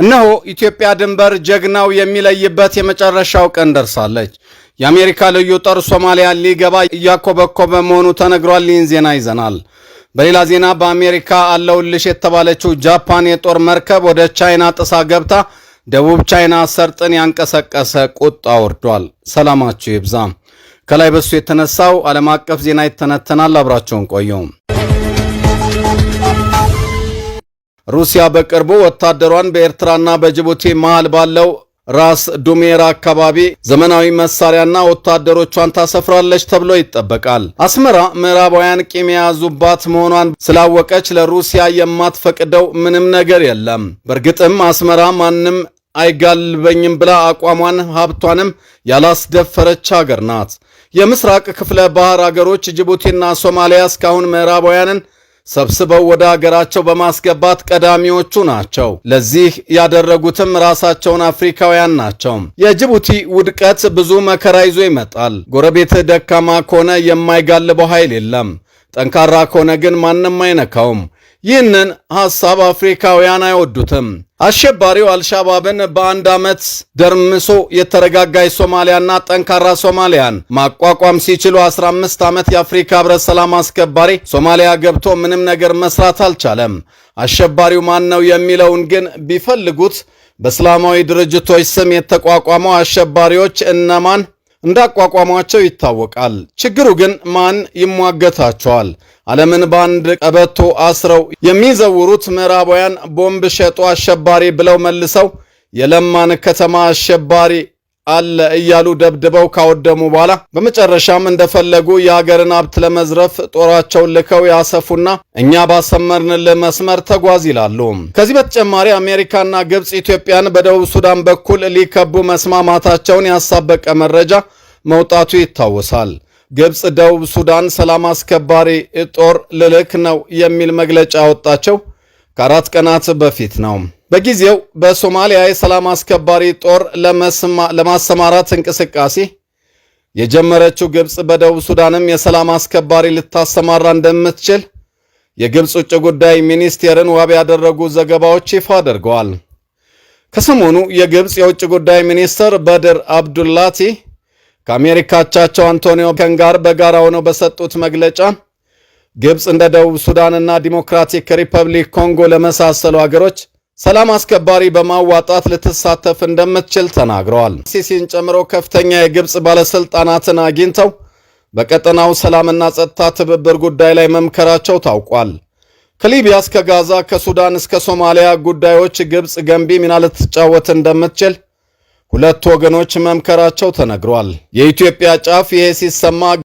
እነሆ ኢትዮጵያ ድንበር ጀግናው የሚለይበት የመጨረሻው ቀን ደርሳለች። የአሜሪካ ልዩ ጦር ሶማሊያ ሊገባ እያኮበኮበ መሆኑ ተነግሯል። ይህን ዜና ይዘናል። በሌላ ዜና በአሜሪካ አለውልሽ የተባለችው ጃፓን የጦር መርከብ ወደ ቻይና ጥሳ ገብታ ደቡብ ቻይና ሰርጥን ያንቀሰቀሰ ቁጣ ወርዷል። ሰላማችሁ ይብዛ። ከላይ በሱ የተነሳው ዓለም አቀፍ ዜና ይተነተናል። አብራቸውን ቆየው። ሩሲያ በቅርቡ ወታደሯን በኤርትራና በጅቡቲ መሃል ባለው ራስ ዱሜራ አካባቢ ዘመናዊ መሳሪያና ወታደሮቿን ታሰፍራለች ተብሎ ይጠበቃል። አስመራ ምዕራባውያን ቂም የያዙባት መሆኗን ስላወቀች ለሩሲያ የማትፈቅደው ምንም ነገር የለም። በእርግጥም አስመራ ማንም አይጋልበኝም ብላ አቋሟን ሀብቷንም ያላስደፈረች አገር ናት። የምስራቅ ክፍለ ባህር አገሮች ጅቡቲና ሶማሊያ እስካሁን ምዕራባውያንን ሰብስበው ወደ አገራቸው በማስገባት ቀዳሚዎቹ ናቸው። ለዚህ ያደረጉትም ራሳቸውን አፍሪካውያን ናቸው። የጅቡቲ ውድቀት ብዙ መከራ ይዞ ይመጣል። ጎረቤትህ ደካማ ከሆነ የማይጋልበው ኃይል የለም። ጠንካራ ከሆነ ግን ማንም አይነካውም። ይህንን ሐሳብ አፍሪካውያን አይወዱትም። አሸባሪው አልሻባብን በአንድ ዓመት ደርምሶ የተረጋጋ ሶማሊያና ጠንካራ ሶማሊያን ማቋቋም ሲችሉ 15 ዓመት የአፍሪካ ህብረት ሰላም አስከባሪ ሶማሊያ ገብቶ ምንም ነገር መስራት አልቻለም። አሸባሪው ማን ነው የሚለውን ግን ቢፈልጉት በእስላማዊ ድርጅቶች ስም የተቋቋመው አሸባሪዎች እነማን እንዳቋቋሟቸው ይታወቃል። ችግሩ ግን ማን ይሟገታቸዋል? ዓለምን በአንድ ቀበቶ አስረው የሚዘውሩት ምዕራባውያን ቦምብ ሸጦ አሸባሪ ብለው መልሰው የለማን ከተማ አሸባሪ አለ እያሉ ደብድበው ካወደሙ በኋላ በመጨረሻም እንደፈለጉ የአገርን ሀብት ለመዝረፍ ጦራቸውን ልከው ያሰፉና እኛ ባሰመርንልህ መስመር ተጓዝ ይላሉ። ከዚህ በተጨማሪ አሜሪካና ግብፅ ኢትዮጵያን በደቡብ ሱዳን በኩል ሊከቡ መስማማታቸውን ያሳበቀ መረጃ መውጣቱ ይታወሳል። ግብፅ ደቡብ ሱዳን ሰላም አስከባሪ ጦር ልልክ ነው የሚል መግለጫ ያወጣቸው ከአራት ቀናት በፊት ነው። በጊዜው በሶማሊያ የሰላም አስከባሪ ጦር ለማሰማራት እንቅስቃሴ የጀመረችው ግብፅ በደቡብ ሱዳንም የሰላም አስከባሪ ልታሰማራ እንደምትችል የግብፅ ውጭ ጉዳይ ሚኒስቴርን ዋቢ ያደረጉ ዘገባዎች ይፋ አድርገዋል። ከሰሞኑ የግብፅ የውጭ ጉዳይ ሚኒስትር በድር አብዱላቲ ከአሜሪካቻቸው አንቶኒዮ ብሊንከን ጋር በጋራ ሆነው በሰጡት መግለጫ ግብፅ እንደ ደቡብ ሱዳንና ዲሞክራቲክ ሪፐብሊክ ኮንጎ ለመሳሰሉ አገሮች ሰላም አስከባሪ በማዋጣት ልትሳተፍ እንደምትችል ተናግረዋል። ሲሲን ጨምሮ ከፍተኛ የግብፅ ባለሥልጣናትን አግኝተው በቀጠናው ሰላምና ጸጥታ ትብብር ጉዳይ ላይ መምከራቸው ታውቋል። ከሊቢያ እስከ ጋዛ፣ ከሱዳን እስከ ሶማሊያ ጉዳዮች ግብፅ ገንቢ ሚና ልትጫወት እንደምትችል ሁለት ወገኖች መምከራቸው ተነግሯል። የኢትዮጵያ ጫፍ ይሄ ሲሰማ